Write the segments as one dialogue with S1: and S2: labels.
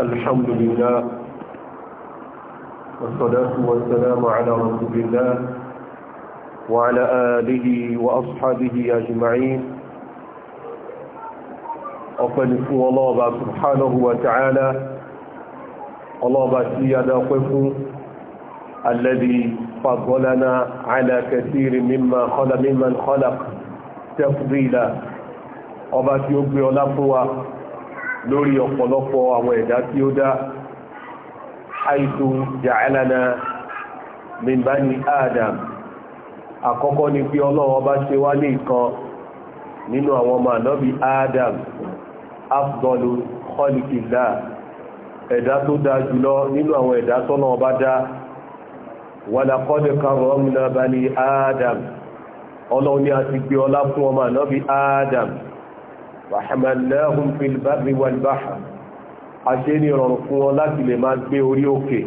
S1: الحمد لله والصلاة والسلام على رسول الله وعلى آله وأصحابه أجمعين أقلف الله سبحانه وتعالى الله بأسي أدقف الذي فضلنا على كثير مما خلق تفضيلا أبأسي أبي الأفوى lórí ọ̀pọ̀lọpọ̀ àwọn ẹ̀dá tí ó dá àìsù ja'alana min adam àkọ́kọ́ ni pé ọlọ́wọ́ bá ṣe wá ní nǹkan nínú àwọn ọmọ ànábì adam afdọlu kọlikìlá ẹ̀dá tó dá jùlọ nínú àwọn ẹ̀dá tọ́nà ọba dá adam ọlọ́wọ́ ni a ti gbé ọlá fún ọmọ adam وحملناهم في البر والبحر aṣẹ́ni rọrùn fún wọn láti lè máa gbé orí òkè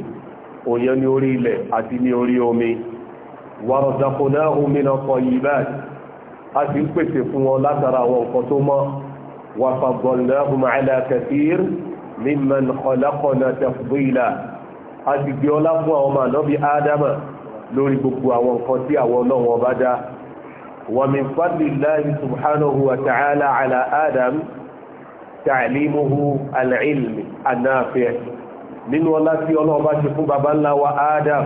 S1: òyàn ní orí ilẹ̀ àti ní orí omi warzaqnahum mina tayyibat a sì ń pèsè fún wọn látara àwọn nǹkan wa faddalnahum ala kathir mimman khalaqna tafdila a sì gbé ọlá fún àwọn ọmọ ànábì ádámà lórí gbogbo àwọn nǹkan tí àwọn ọlọ́wọ́n bá ومن فضل الله سبحانه وتعالى على آدم تعليمه العلم النافع من والله الله باشي فوق بابا وآدم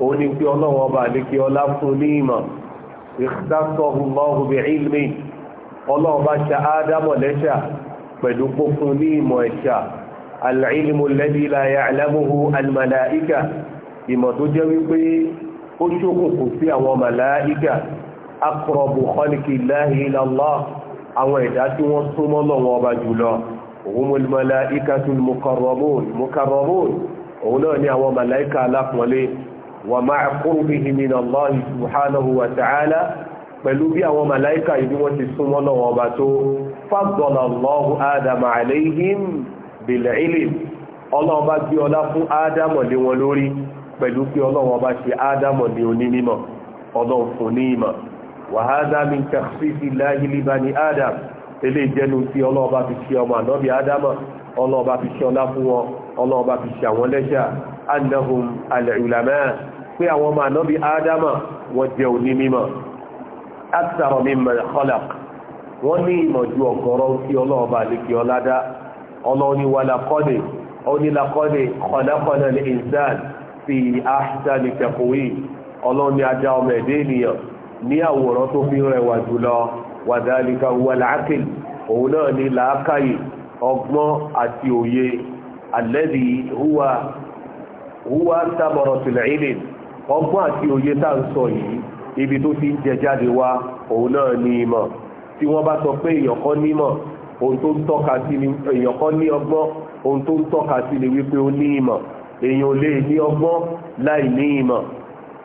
S1: وني في الله وبالك الله فنيما اختصه الله بعلمه الله باشا آدم ولشا بدوك فنيما وشا العلم الذي لا يعلمه الملائكة بما تجوي به ó ṣókùnkùn sí àwọn akọrọ̀bù kọlìkì láhìlọ́lá àwọn ẹ̀dá tí wọ́n súnmọ́ lọ́wọ́ ọba jùlọ òun mú ìmọ̀lá ikatul mukarrabun òun náà ni àwọn màláìka alápọ̀lé wà máa kúrò bí himinallahi subhanahu wa ta'ala pẹ̀lú bí àwọn màláìka ìbí wọ́n ti súnmọ́ lọ́wọ́ ọba tó faddala Allahu Adama alayhim ọlọ́run fún ní ìmọ̀ wàhádá mi tẹ̀síṣì láyé líba ní adam ilé ìjẹnu tí ọlọ́ọ̀bá fi ṣe ọmọ ànábì ádámà ọlọ́ọ̀bá fi ṣe ọlá fún wọn ọlọ́ọ̀bá fi ṣe àwọn lẹ́ṣà annahum alìlàmẹ́ pé àwọn ọmọ ànábì ádámà wọ́n jẹ́ òní mímọ̀ akthara mimma khalaq wọ́n ní ìmọ̀ ju ọ̀gọ̀rọ̀ tí ọlọ́ọ̀bá lékè ọládá ọlọ́ọ̀ni ajá ọmọ ẹ̀dẹ́ ènìyàn ní àwòrán tó fi rẹwà jùlọ wàdálíkà wàláàkì òun náà ni làákàyè ọgbọ́n àti òye alẹ́dì húwa húwa sábọ̀rọ̀ tìlẹ̀ ìlẹ̀ ọgbọ́n àti òye tá ń sọ yìí ibi tó ti ń jẹ jáde wá òun náà ni ìmọ̀ tí wọ́n bá sọ pé èèyàn ní ọgbọ́n ohun tó ń tọ́ka sí ni wípé ó ní ìmọ̀ èèyàn lè ní ọgbọ́n láì ní ìmọ̀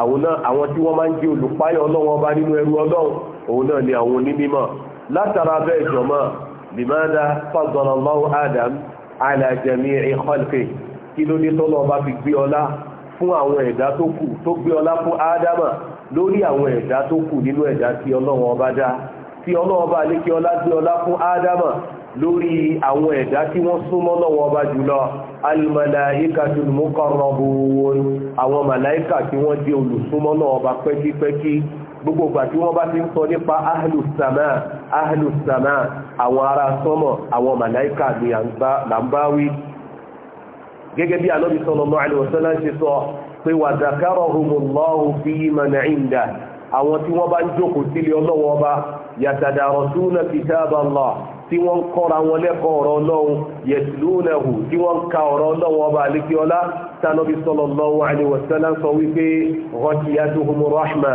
S1: àwọn tí wọ́n máa ń jẹ́ olùpáyọ̀ ọlọ́run ọba nínú ẹrú ọlọ́run òun náà ni àwọn onímọ̀ látara bẹ́ẹ̀ jọ̀mọ́ bìmọ́dá faddalallahu adam ala jami'i khalqi kí ló ní tọ́lọ́ ọba fi gbé ọlá fún àwọn ẹ̀dá tó kù tó gbé ọlá fún ádámà lórí àwọn ẹ̀dá tó kù nínú ẹ̀dá tí ọlọ́run ọba dá tí ọlọ́run ọba lékè ọlá gbé ọlá fún ádámà lórí àwọn ẹ̀dá tí wọ́n súnmọ́ lọ́wọ́ ọba jùlọ al-malaikatul muqarrabun àwọn màláíkà tí wọ́n jẹ́ olùsúnmọ́ lọ́wọ́ ọba pẹ́kípẹ́kí gbogbo ìgbà tí wọ́n bá ti ń sọ nípa ahlus sama ahlus àwọn tí wọ́n bá ń jókòó sílé ọlọ́wọ́ ọba yatadarasuna kitab Allah tí wọ́n ń kọ́ra wọn lẹ́kọ̀ọ́ ọ̀rọ̀ ọlọ́run yẹ̀tìlúnẹ̀hù tí wọ́n ń ka ọ̀rọ̀ ọlọ́run ọba àlekíọ́lá tánàbí sallallahu alaihi wasallam sọ wípé ghashiyatuhum rahma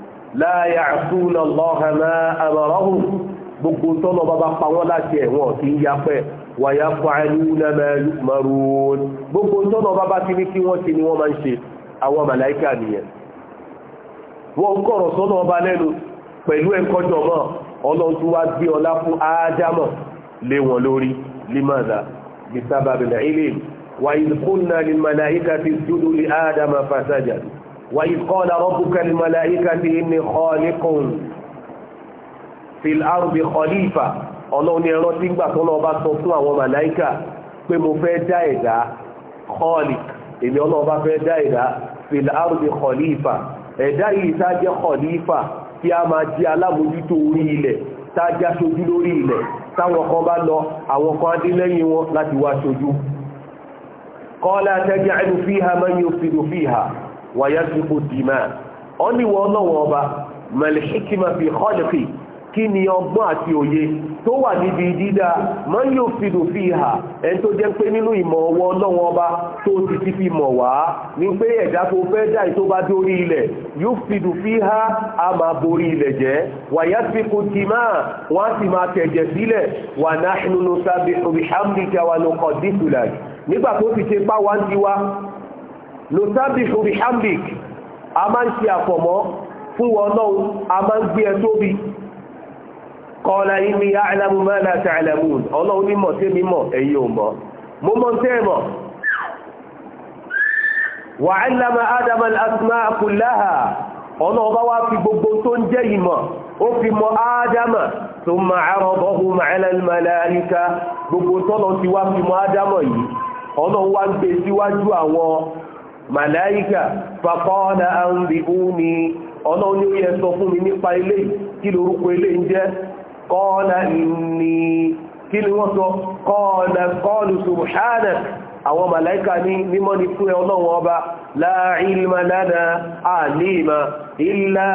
S1: la ya'suna Allaha ma amarahum gbogbo tọ́lọ̀ bá bá pa wọ́n láti ẹ̀wọ̀n kì í yapẹ́ wa yaf'aluna ma yu'marun gbogbo tọ́lọ̀ bá bá ti ní kí wọ́n ti ni wọ́n máa ń ṣe àwọn màláìkà nìyẹn wọ́n kọ̀rọ̀ sọ́nà ọba lẹ́nu pẹ̀lú ẹ̀kọ́jọ̀ mọ́ ọlọ́run tó wá gbé ọlá fún ádámọ̀ lé wọn lórí limaza bisababil ilm wa idh qulna lil malaikati isjudu li ádámà fasajadu وإذ قال ربك الملائكة إني خالق في الأرض خليفة ọlọ́run ní ẹran tí ń gbà tó lọ́ọ́ bá sọ fún àwọn màláìkà pé mo fẹ́ dá ẹ̀dá khaliq èmi ọlọ́run bá fẹ́ dá ẹ̀dá fil ardi ẹ̀dá yìí tá jẹ́ tí a máa jẹ́ alábòjútó orí ilẹ̀ tá a lórí ilẹ̀ táwọn kan bá lọ àwọn kan adé lẹ́yìn wọn láti wá ṣojú wàyásíkò dìímà ọ níwọ̀ ọlọ́wọ̀ ọba mẹ̀lẹ́ṣíkìmà fi họ́lẹ̀kì kí ni ọgbọ́n àti òye tó wà níbi dídá máa yóò fìdò fi hà ẹni tó jẹ́ pé nínú ìmọ̀ ọwọ́ ọlọ́wọ́n ọba tó ti ti fi mọ̀ wá ní pé ẹ̀dá tó fẹ́ dà tó bá dórí ilẹ̀ yóò fìdò fi hà á máa borí ilẹ̀ jẹ́ wàyá fi kò tì máa wọ́n á sì máa tẹ̀jẹ̀ sílẹ̀ wà náà nínú sábẹ́ omi hàmdíkà wà lóko dísùlà nígbà tó ti ṣe pá wá nùsábìhù bihamdik a máa ń ṣe àfọ̀mọ́ fún wọn náà a máa ń gbé ẹ tóbi kọ́ọ̀lá inni a'lamu ma la ta'lamun ọlọ́run mímọ̀ sí mímọ̀ ẹ̀yin ò mọ̀ mo mọ̀ tẹ́ ẹ̀ mọ̀ wa 'allama ádámà al-asma'a kullaha ọlọ́ọ̀bá wá fi gbogbo tó ń jẹ́ ìmọ̀ ó fi mọ ádámà tó ma àrọ̀bọ̀hùn màálàlmàláríkà gbogbo màláíkà fàkọ́ọ̀nà àǹdì òní ọ̀nà ní ó yẹ sọ fún mi nípa ilé kí lórúkọ ilé ń jẹ́ kọ́ọ̀nà ìní kí ni wọ́n sọ kọ́ọ̀nà kọ́ọ̀lù subhanak àwọn màláíkà ní mímọ́ ni fún ọlọ́run ọba la ilma lana àlíma illa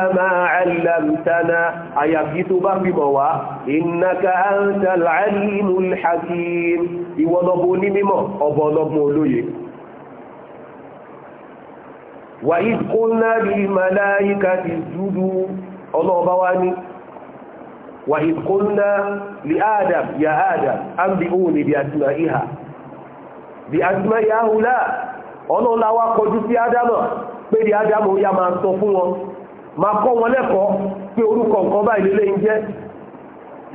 S1: wà yí kó náà rí màláyíká ti dúdú ọlọ́ọ̀bá wá ní wà yí kó náà rí adam ya adam an bí òun ni bí asúná ìhà bí asúná ìhà hùlá ọlọ́ọ̀lá wá kọjú sí ádámọ̀ pé di ádámọ̀ ya máa sọ fún wọn máa kọ́ wọn lẹ́kọ̀ọ́ pé orúkọ nǹkan báyìí lélẹ́yìn jẹ́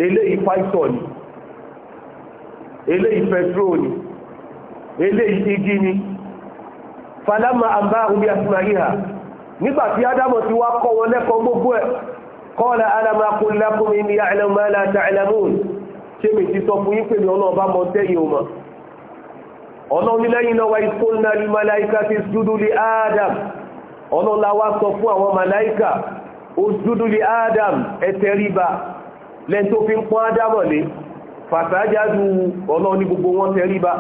S1: eléyìí pàìtọ̀ ni eléyìí pẹtrol ni falama àmbá omi asma'iha nígbà tí ádámọ̀ ti wá kọ́ wọn lẹ́kọ̀ọ́ gbogbo ẹ̀ kọ́ọ̀lá alama kúnlákùn ní àìlàmà láta àìlàmùn ṣe mi ti sọ fún yín pé ní ọlọ́ọ̀bá mọ tẹ́yìn o mọ̀ ọlọ́run lẹ́yìn náà wa ìkólná ní malaika ti dúdú lé ádám ọlọ́run wá sọ fún àwọn malaika ó dúdú lé ádám ẹ̀tẹ́ ríba lẹ́yìn tó fi ń pọ́n ádámọ̀ lé fàtàjáde ọlọ́run ní gbogbo wọn tẹ́ ríba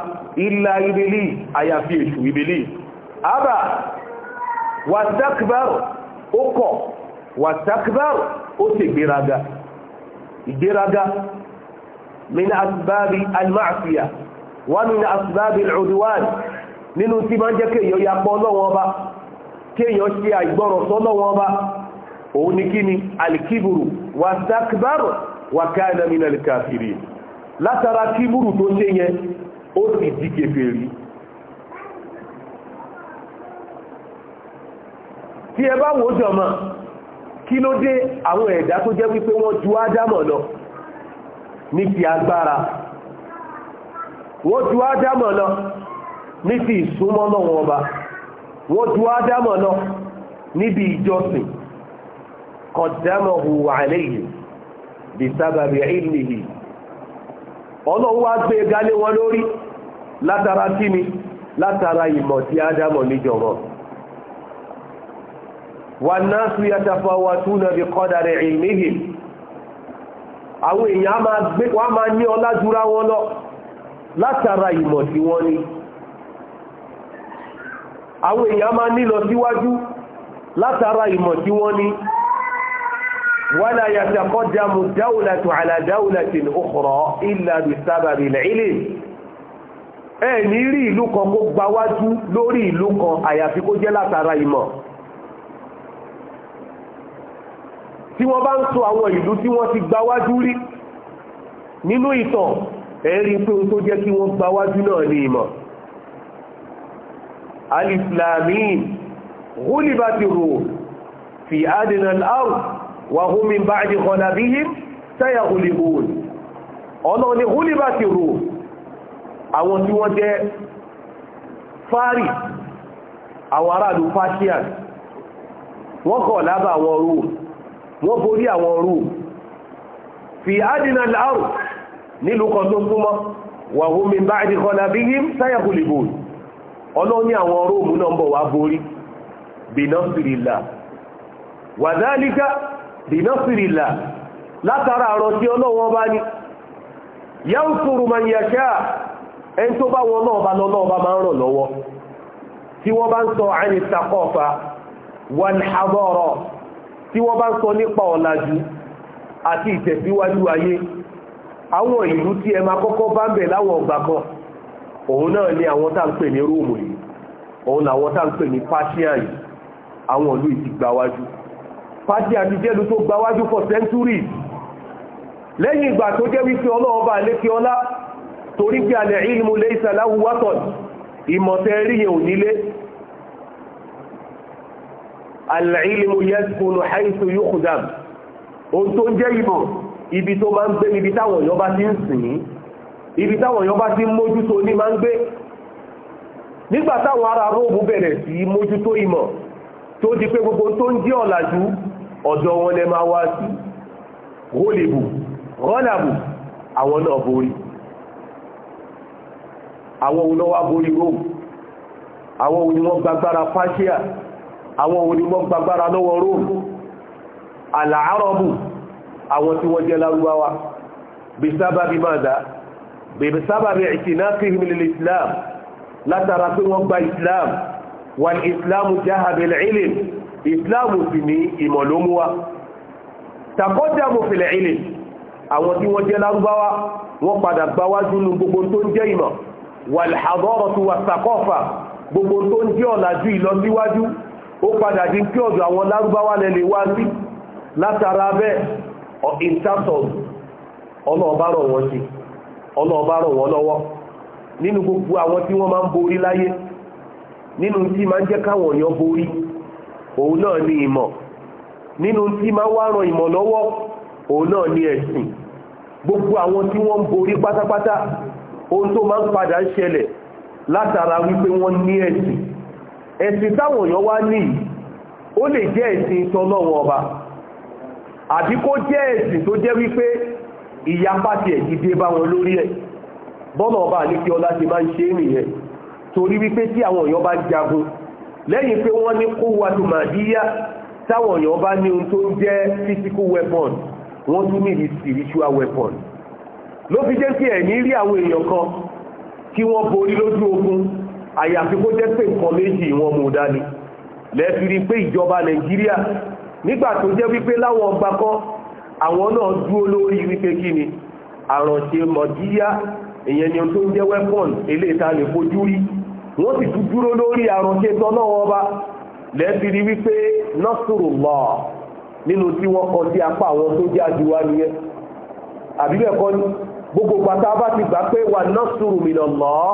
S1: ìlà ìbílí àyàfi èṣù ìbílí àbà wàtàkìbárò ó kọ̀ wàtàkìbárò ó sì gbéraga ìgbéraga min asbábi almasiya wà min asbábi al'udwan nínú tí máa ń jẹ́ kéèyàn yapọ̀ lọ́wọ́ ọba kéèyàn ṣe àìgbọ́rọ̀ sọ́lọ́wọ́ ọba òun ni kí ni alkiburu wàtàkìbárò wà káàdà min alkafirin látara kíburu tó ṣe yẹn ó sì di kèfèrí tí ẹ bá wò ó jọmọ kí ló dé àwọn ẹ̀dá tó jẹ́ wípé wọ́n ju ádámọ̀ lọ ní ti agbára wọ́n ju ádámọ̀ lọ ní ti ìsúnmọ́ náà wọn ọba wọ́n ju ádámọ̀ lọ níbi ìjọsìn kọ̀dámọ̀hù àléyìn bí sábàbí ìlìhì ọlọ́run wá gbé e galé wọn lórí látara kíni látara ìmọ̀ tí ádámọ̀ níjọ̀rọ̀ wànásù yàtàfàwàtúnà bí kọ́dàrí ìmìhì àwọn èèyàn wọ́n máa ní ọlá jùra wọn lọ látara ìmọ̀ tí wọ́n ní àwọn èèyàn máa nílọ síwájú látara ìmọ̀ tí wọ́n ní wala yataqaddamu dáúlàtù ala dáúlàtin ukhra sábàbí ilẹ̀ ẹ̀ ní rí ìlú kan kó gbáwájú lórí ìlú kan àyàfi kó jẹ́ látara ìmọ̀ tí wọ́n bá ń sọ àwọn ìlú tí wọ́n ti gbáwájú rí nínú ìtàn ẹ̀rí pé o tó jẹ́ kí wọ́n gbáwájú náà ní ìmọ̀ alislamin gúlìbàtí rò fi adinal out wà húnmi bá ní kọ́nà bí i tẹ́yà gúlìbòn ọ̀nà ni gúlìbàtí rò àwọn tí wọ́n jẹ́ fari àwọn aráàlú fashion wọ́n kọ̀ lábà àwọn rome wọ́n borí àwọn rú fi adìnà láàrù nílùú kan tó súnmọ́ wà omi bá ẹni kan lábí yí sáyàkùlìbò ọlọ́run ní àwọn róòmù náà ń bọ̀ wá borí bìnásìrìlà wàdálíkà bìnásìrìlà látara àrọ̀ tí ọlọ́run bá ní yáò sọ̀rọ̀ ma yàṣá ẹni tó bá wọn náà bá lọ́nà ọba máa ń lọ́wọ́ tí wọ́n bá ń sọ àìní sakọ́fà wàlhàbọ̀rọ̀ tí wọ́n bá ń sọ nípa ọ̀làjú àti ìtẹ̀síwájú ayé àwọn ìlú tí ẹ máa kọ́kọ́ bá ń bẹ̀ láwọn ọgbà kan òun náà ni àwọn tá ń pè ní róòmù yìí òun làwọn tá ń pè ní Páṣíà yìí àwọn ìlú ìti gbáwájú Páṣíà ti jẹ́lu tó gbáwájú for centuries lẹ́yìn ìgbà tó jẹ́ wípé ọlọ́ọba lékè ọlá torí pé alẹ́ ìlú laysa lahu watan ìmọ̀tẹ́ rí ò nílé العلم ilmu حيث يخدم. yukhzam ohun tó ń jẹ́ ìmọ̀ ibi tó máa ń gbé níbi táwọn èèyàn bá ti ń sìn ibi táwọn èèyàn bá ti ń mójútó ní máa ń gbé nígbà táwọn ará róòbù bẹ̀rẹ̀ sí mójútó ìmọ̀ tó di pé gbogbo tó ń jẹ́ ọ̀làjú ọ̀dọ̀ wọn lẹ máa wá sí rólèbù rọ́làbù àwọn náà borí àwọn olówá borí róòbù àwọn olùwọ́n gbagbára fásíà àwọn ònímọ̀ gbagbára lọ́wọ́ róòmù àlàárọ̀bù àwọn tí wọ́n jẹ́ lárúbáwá bí sábà bí máa dá bí sábà bí ìtìnákìhìm lil islam látara pé wọ́n gba islam wal islam jaha bil ilm islam sì ní ìmọ̀lómúwa takọ́jàmù fil ilm àwọn tí wọ́n jẹ́ lárúbáwá wọ́n padà gbáwájú nu gbogbo tó ń jẹ́ ìmọ̀ wal hadaratu was saqafa gbogbo tó ń jẹ́ ọ̀làjú ìlọsíwájú ó padà di pé ọ̀dọ̀ àwọn lárúbáwá lẹ́lẹ̀ wá sí látara bẹ́ẹ̀ in lọwọ gbogbo àwọn tí wọn ma borí láyé nínú tí borí náà ni gbogbo àwọn tí wọ́n ń borí pátápátá ohun tó máa ń padà ń ṣẹlẹ̀ látara wípé ẹ̀sìn táwọn èèyàn wá ní ó lè jẹ́ ẹ̀sìn tọ́lọ́wọ́ ọba àbí kó jẹ́ ẹ̀sìn tó jẹ́ wípé ìyapa ti ẹ̀jì dé bá wọn lórí ẹ̀ bọ́nà ọba àlékí ọlá ti máa ń ṣe é nìyẹn torí wípé tí àwọn èèyàn bá jagun lẹ́yìn pé wọ́n ní kó wa tó máa díyá táwọn èèyàn bá ní ohun tó ń jẹ́ physical weapon wọ́n tún ní spiritual weapon ló fi jẹ́ kí ẹ̀ ní rí àwọn èèyàn kan kí wọ́n borí lójú ogun àyàfi kó jẹ́ pé nǹkan méjì wọn mú dání lẹ́ẹ̀fi rí pé ìjọba nàìjíríà nígbà tó jẹ́ wípé láwọn ọgbà kan àwọn náà dúró lórí wípé kí ni àrànṣe mọ̀díyá ìyẹn ni tó ń jẹ́ weapon eléta lè fojú rí wọ́n sì tún dúró lórí àrànṣe tọ́nà ọba lẹ́ẹ̀fi rí wípé Nasrullah nínú tí wọ́n kọ sí apá àwọn tó jẹ́ àdúrà nìyẹn àbíbẹ̀kọ́ ni gbogbo pátá bá ti gbà pé wà nasru minallah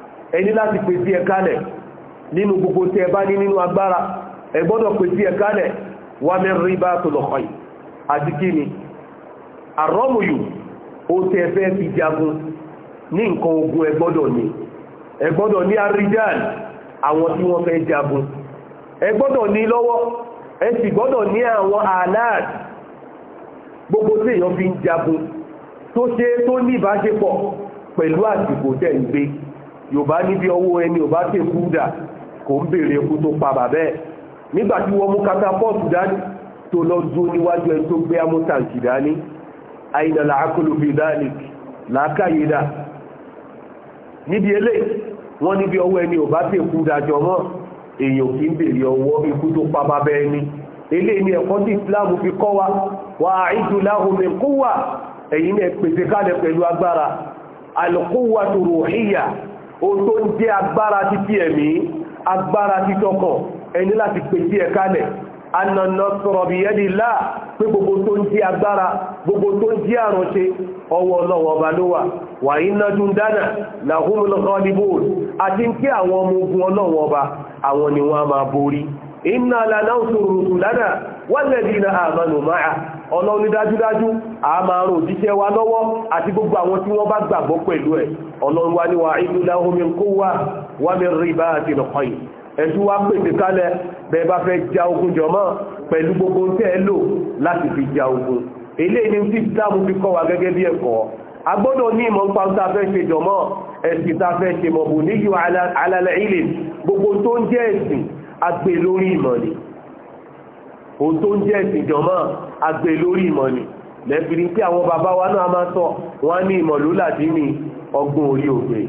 S1: ẹni láti pèsè ẹ̀kálẹ̀ nínú gbogbo tí ẹ bá ní nínú agbára ẹ gbọ́dọ̀ pèsè ẹ̀kálẹ̀ wà mẹ́rin bá tó lọ́kọ̀ yìí àti kí ni àrọ́mùyù ó tẹ́ fẹ́ fi jagun ní nǹkan ogun ẹ gbọ́dọ̀ ní ẹ gbọ́dọ̀ ní arijan àwọn tí wọ́n fẹ́ jagun ẹ ní lọ́wọ́ ẹ sì gbọ́dọ̀ ní àwọn alad gbogbo tí èèyàn fi ń jagun tó ṣe tó ní ìbáṣepọ̀ pẹ̀lú àsìkò tẹ̀ ń gbé yorùbá níbi ọwọ́ ẹni ò bá tèkú dà kò ń bèèrè eku tó pa bàbẹ́ nígbàtí wọ́n mú katapọ́ọ̀tù dání tó lọ dúró níwájú ẹni tó gbé amútàǹkì dání àyìnà làákòlò bíi dání làákàyè dà níbi eléyìí wọ́n níbi ọwọ́ ẹni ò bá tèkú dà jọ mọ́ èèyàn kì í bèèrè ọwọ́ ikú tó pa bàbẹ́ ẹni eléyìí ni ẹ̀kọ́ tí islam fi kọ́ wa wà áìdù lahum min ẹ̀yìn náà pèsè pẹ̀lú agbára al-quwwatu ruhiyya ohun tó ń jẹ́ agbára títí ẹ̀mí agbára títọ́kàn ẹni láti pè sí ẹ̀kálẹ̀ anànà sọ̀rọ̀ bí yẹ́dì láà pé gbogbo tó ń jẹ́ agbára gbogbo tó ń jẹ́ àránṣe ọwọ́ ọlọ́wọ́ ọba ló wà wà iná dún dáná làhúnmọ́lọ́kọ́ ní bóòlù àti ń kí ọmọ ogun ọlọ́wọ́ ọba àwọn ni wọ́n á máa borí iná lànà òṣòro lánà wọ́lẹ̀dì iná àmànù máa ọ̀nà onídájúdájú àmàrùn òjíṣẹ́ wa lọ́wọ́ àti gbogbo àwọn tí wọ́n bá gbàgbọ́ pẹ̀lú ẹ̀ ọlọ́run wa ni wà ìlú láhùn mi kó wà wà mí rí bá àti lọ́kọ́ yìí ẹ̀tún wá pèsè kálẹ̀ bẹ́ẹ̀ bá fẹ́ ja ogun jọmọ́ pẹ̀lú gbogbo tẹ́ ẹ lò láti fi ja ogun eléyìí ní tí islam fi kọ́ wa gẹ́gẹ́ bí ẹ̀kọ́ a gbọ́dọ̀ ní ìmọ̀ nípa tá a fẹ́ ṣe jọmọ́ ẹ̀sìn tá a fẹ́ ṣe mọ̀bù níyù alálẹ̀ ilẹ̀ gbogbo tó ń jẹ́ agbè lórí ìmọ̀ ni òun tó ń jẹ́ ìsìnjọ́mọ́ agbè lórí ìmọ̀ ni lẹ́bìrì pé àwọn bàbá wa náà máa sọ wọ́n ní ìmọ̀ ló láti ní ọgbọ́n orí ògbè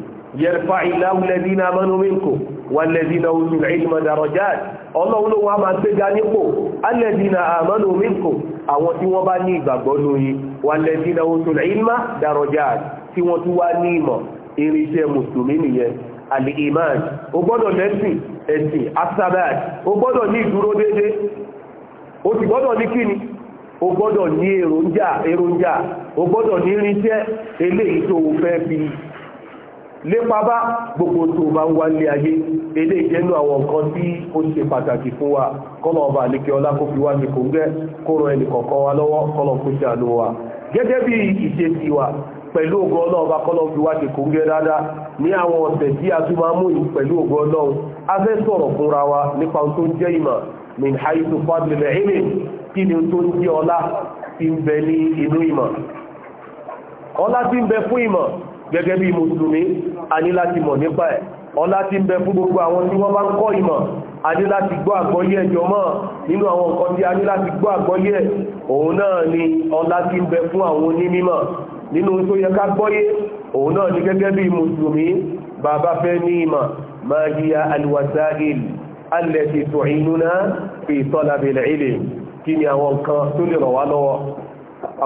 S1: yẹrfà ìlàwùlẹ́dínà amánúmínkò wàlẹ́dínà olùrìn ilmọ̀ darajat ọlọ́run ló wá máa gbéga nípò alẹ́dínà amánúmínkò àwọn tí wọ́n bá ní ìgbàgbọ́ lóyí wàlẹ́dínà olùrìn ilmọ̀ darajat tí wọ́n tún wá ní ìmọ̀ irinṣẹ́ mùsùlùmí nìyẹn al-iman o gbọ́dọ̀ lẹ́sìn ẹ̀sìn asabat o gbọ́dọ̀ ní ìdúró déédé o sì gbọ́dọ̀ ní kíni o gbọ́dọ̀ ní èròjà èròjà o gbọ́dọ̀ ní irinṣẹ́ eléyìí tó fẹ́ fi lépa bá gbogbo tó bá ń wá ní ayé ilé ìjẹ́nú àwọn nǹkan tí ó ṣe pàtàkì fún wa kọ́nà ọba àlekẹ́ ọlá kó fi wá ní kòńgẹ́ kó ran ẹnì kọ̀ọ̀kan wa lọ́wọ́ kọ́nà kó ṣe àlò wa gẹ́gẹ́ bí ìṣesí wa pẹ̀lú ògo ọlọ́run bá kọ́lọ́ fi wá ṣe kò ń gẹ́ dáadáa ní àwọn ọ̀sẹ̀ tí a tún máa mú yìí pẹ̀lú ògo ọlọ́run a fẹ́ sọ̀rọ̀ fúnra wa nípa ohun tó ń jẹ́ ìmọ̀ min haitu fadlil ilmi kí ni tó ń jẹ́ ọlá tí ń bẹ ní inú ìmọ̀ ọlá tí ń bẹ fún ìmọ̀ gẹ́gẹ́ bí mùsùlùmí a ní láti mọ̀ nípa ẹ̀ ọlá tí ń bẹ fún gbogbo àwọn tí wọ́n bá ń kọ́ ìmọ̀ a ní láti gbọ́ àgbọ́yé ẹjọ́ mọ́ nínú àwọn nǹkan tí a ní láti gbọ́ àgbọ́yé òun náà ni ọlá tí ń bẹ fún àwọn onímọ̀ nínú tó yẹ ká gbọ́yé òun náà ni gẹ́gẹ́ bí mùsùlùmí bàbá fẹ́ ní ìmọ̀ máa yíya alwasail allati tu'inuna fi talabil ilm kí ni àwọn nǹkan tó lè rọ̀ wá lọ́wọ́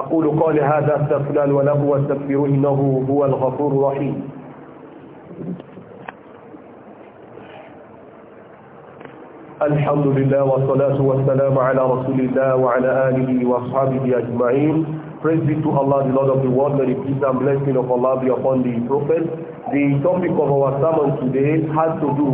S1: أقول قولي هذا استغفر الله وله واستغفره إنه هو الغفور الرحيم الحمد لله والصلاة والسلام على رسول الله وعلى آله وأصحابه أجمعين Praise be to Allah, the Lord of the world. May the peace and blessing of Allah be upon the Prophet. The topic of our sermon today has to do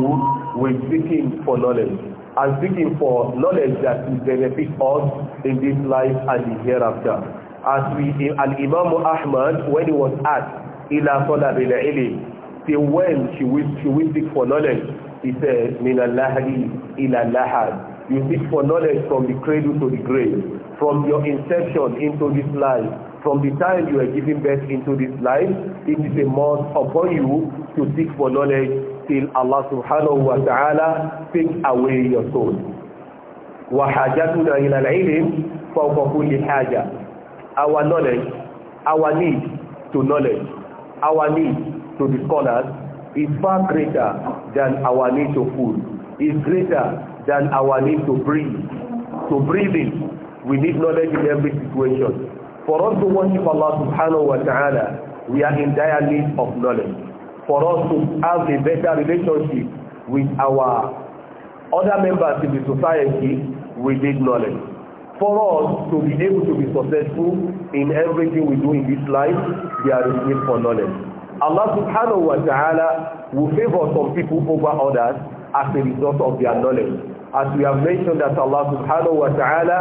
S1: with seeking for knowledge and seeking for knowledge that will benefit us in this life and the hereafter. As we, and Imam Ahmad, when he was asked, Ila Talab al-Ilim, till when she will she will seek for knowledge? He said, Min al-Lahri ila al-Lahad. You seek for knowledge from the cradle to the grave, from your inception into this life, from the time you are given birth into this life. It is a must upon you to seek for knowledge till Allah subhanahu wa ta'ala take away your soul. وحاجتنا إلى العلم فوق كل حاجة. Our knowledge, our need to knowledge, our need to the scholars is far greater than our need to food, is greater than our need to breathe. To breathe in, we need knowledge in every situation. For us to worship Allah subhanahu wa ta'ala, we are in dire need of knowledge. For us to have a better relationship with our other members in the society, we need knowledge. For us to be able to be successful in everything we do in this life, we are in need for knowledge. Allah subhanahu wa ta'ala will favor some people over others as a result of their knowledge as we have mentioned that Allah subhanahu wa ta'ala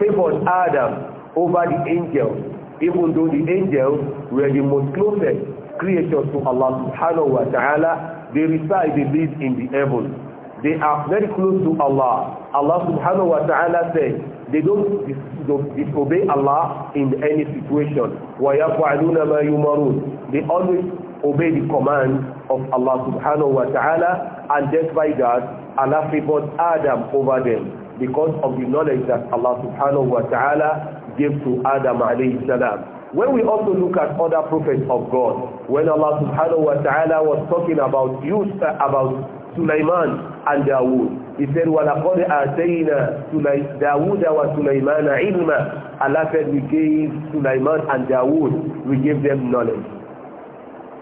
S1: favored Adam over the angels, even though the angels were the most closest creatures to Allah subhanahu wa ta'ala, they reside, they live in the heavens. They are very close to Allah. Allah subhanahu wa ta'ala said, they don't disobey Allah in any situation. وَيَفْعَلُونَ مَا يُمَرُونَ They always obey the commands of Allah subhanahu wa ta'ala and despite God Allah favored Adam over them because of the knowledge that Allah subhanahu wa ta'ala gave to Adam alayhi salam when we also look at other prophets of God when Allah subhanahu wa ta'ala was talking about Yusuf about Sulaiman and Dawood. He said, وَلَقَدْ آتَيْنَا دَاوُودَ وَسُلَيْمَانَ عِلْمًا Allah said, we gave Sulaiman and Dawood, we gave them knowledge.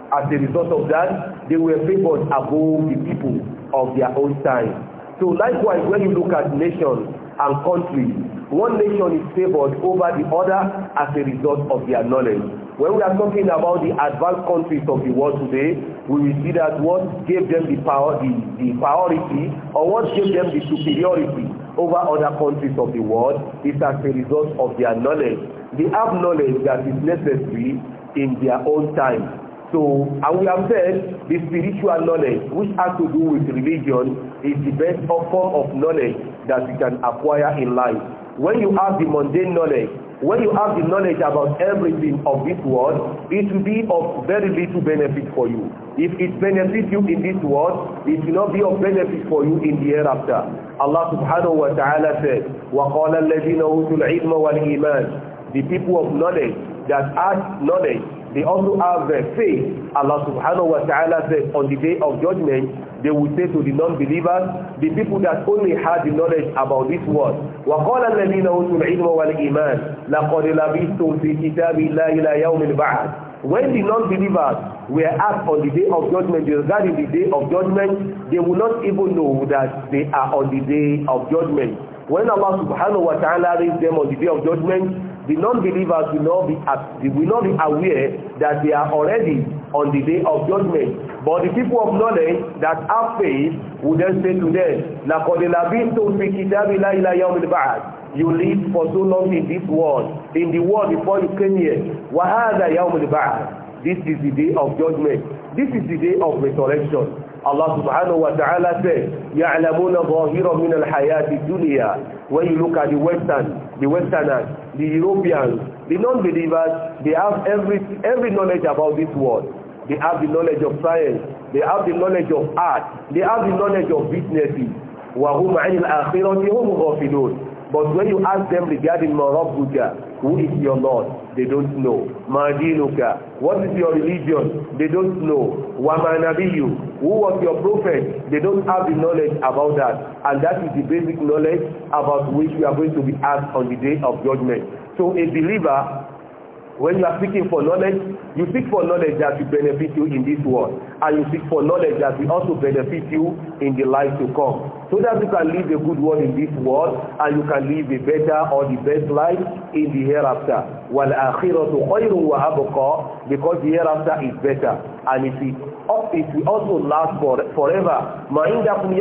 S1: As a result of that, they were favored above the people of their own time. So likewise, when you look at nations and countries, one nation is favored over the other as a result of their knowledge. When we are talking about the advanced countries of the world today, we will see that what gave them the power, the, the priority, or what gave them the superiority over other countries of the world is as a result of their knowledge. They have knowledge that is necessary in their own time So, and we have said the spiritual knowledge which has to do with religion is the best form of knowledge that you can acquire in life. When you have the mundane knowledge, when you have the knowledge about everything of this world, it will be of very little benefit for you. If it benefits you in this world, it will not be of benefit for you in the hereafter. Allah subhanahu wa ta'ala said, وَقَالَ الَّذِينَ أُوتُوا الْعِلْمَ وَالْإِيمَانَ the people of knowledge that has knowledge, they also have their faith. Allah subhanahu wa ta'ala said on the day of judgment, they will say to the non-believers, the people that only had the knowledge about this word. وَقَالَ الَّذِينَ أُوتُوا الْعِلْمَ وَالْإِيمَانِ لَقَدْ لَبِثْتُمْ فِي كِتَابِ اللَّهِ إِلَى يَوْمِ الْبَعْثِ when the non-believers were asked on the day of judgment regarding the day of judgment, they will not even know that they are on the day of judgment. When Allah subhanahu wa ta'ala raised them on the day of judgment, the non-believers will not be, will not be aware that they are already on the day of judgment. But the people of knowledge that have faith will then say to them, لَقَدْ لَبِثْتُمْ فِي كِتَابِ اللَّهِ إِلَى يَوْمِ الْبَعْثِ you lived for so long in this world, in the world before you came here. وَهَذَا يَوْمُ الْبَعْثِ This is the day of judgment. This is the day of resurrection. Allah subhanahu wa ta'ala said, يَعْلَمُونَ ظَاهِرًا مِنَ الْحَيَاةِ الدُّنْيَا When you look at the Western, the Westerners, the Europeans, the non-believers, they have every, every knowledge about this world. They have the knowledge of science. They have the knowledge of art. They have the knowledge of businesses. وَهُمْ عَنِ الْآخِرَةِ هُمْ غَافِلُونَ But when you ask them regarding Marabuka, who is your Lord? They don't know. Madinuka, what is your religion? They don't know. Wamanabiyu, who was your prophet? They don't have the knowledge about that. And that is the basic knowledge about which we are going to be asked on the day of judgment. So a believer When you are seeking for knowledge, you seek for knowledge that will benefit you in this world, and you seek for knowledge that will also benefit you in the life to come. So that you can live a good world in this world, and you can live a better or the best life in the hereafter. وَالْآخِرَةُ خَيْرٌ وَأَبْقَىٰ Because the hereafter is better, and it will, it will also last for, forever. مَا عِنْدَكُمْ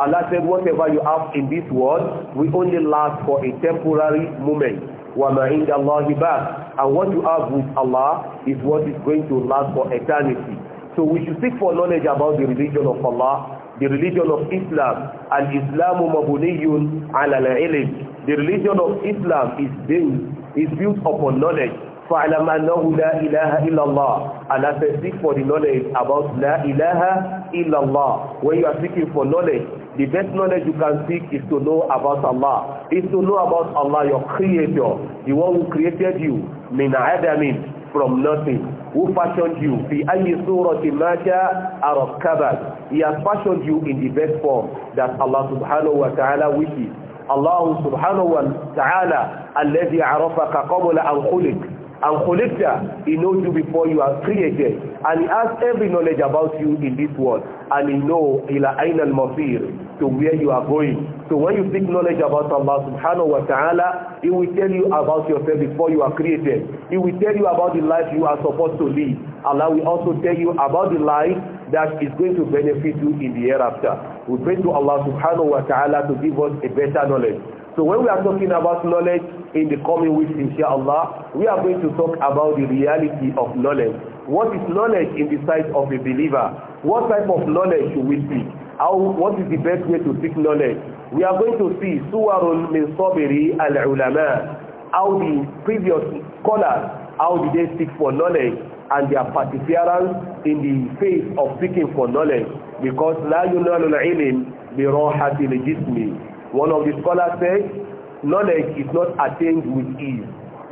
S1: Allah said, whatever you have in this world we only last for a temporary moment wa ma inda Allahi ba'd. And what you have with Allah is what is going to last for eternity. So we should seek for knowledge about the religion of Allah, the religion of Islam. Al-Islamu mabuniyun ala al-ilm. The religion of Islam is built, is built upon knowledge. فَعْلَمْ أَنَّهُ لَا إِلَهَ إِلَّا اللَّهِ And as I seek for the knowledge about La ilaha illallah, when you are seeking for knowledge, The best knowledge you can seek is to know about Allah. Is to know about Allah, your creator, the one who created you, min adamin, from nothing, who fashioned you, fi ayyi surati ma sha'a rakkabak. He has fashioned you in the best form that Allah subhanahu wa ta'ala wishes. Allah subhanahu wa ta'ala, alladhi arafaka qabla an khuliq and collector he knows you before you are created and he has every knowledge about you in this world and he know ila aina al-masir to where you are going so when you seek knowledge about Allah subhanahu wa ta'ala he will tell you about yourself before you are created he will tell you about the life you are supposed to live Allah will also tell you about the life that is going to benefit you in the hereafter We pray to Allah subhanahu wa ta'ala to give us a better knowledge. So when we are talking about knowledge in the coming weeks, inshallah, we are going to talk about the reality of knowledge. What is knowledge in the sight of a believer? What type of knowledge should we seek? How, what is the best way to seek knowledge? We are going to see Suwarun min Sabiri al-Ulama, how the previous scholars, how did they seek for knowledge and their perseverance in the face of seeking for knowledge because la yunalu al-ilm bi rahati al-jismi one of the scholars says knowledge is not attained with ease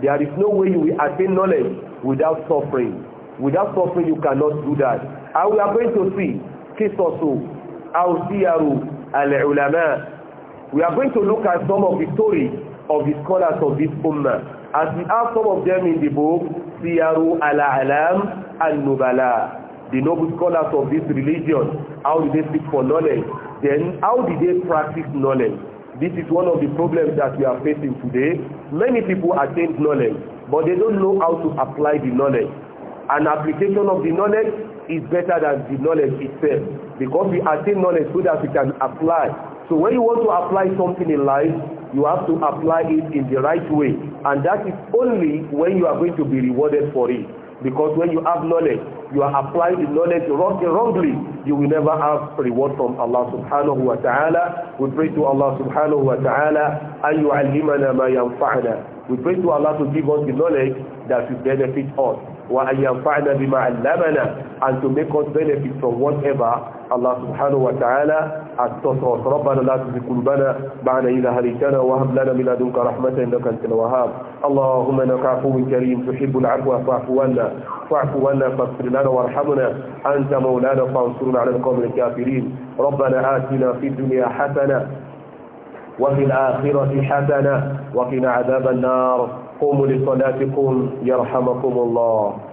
S1: there is no way you will attain knowledge without suffering without suffering you cannot do that and we are going to see kisosu ausiyaru al-ulama we are going to look at some of the stories of the scholars of this ummah as we have some of them in the book siyaru al-alam al-nubala the noble scholars of this religion, how did they seek for knowledge? Then how did they practice knowledge? This is one of the problems that we are facing today. Many people attain knowledge, but they don't know how to apply the knowledge. An application of the knowledge is better than the knowledge itself because we attain knowledge so that we can apply. So when you want to apply something in life, you have to apply it in the right way. And that is only when you are going to be rewarded for it. Because when you have knowledge, you are applying the knowledge wrong, wrongly, you will never have reward from Allah subhanahu wa ta'ala. We pray to Allah subhanahu wa ta'ala, أَنْ يُعَلِّمَنَا مَا يَنْفَعَنَا. We pray to Allah to give us the knowledge that will benefit us. وأن ينفعنا بما علمنا and to make us benefit from whatever Allah subhanahu wa ta'ala has taught us. ربنا لا تزغ بنا بعد إلى هديتنا وهب لنا من لدنك رحمة إنك أنت الوهاب. اللهم إنك عفو كريم تحب العفو فاعف عنا فاعف عنا فاغفر لنا وارحمنا أنت مولانا فانصرنا على القوم الكافرين. ربنا آتنا في الدنيا حسنة وفي الآخرة حسنة وقنا عذاب النار. قوموا لصلاتكم يرحمكم الله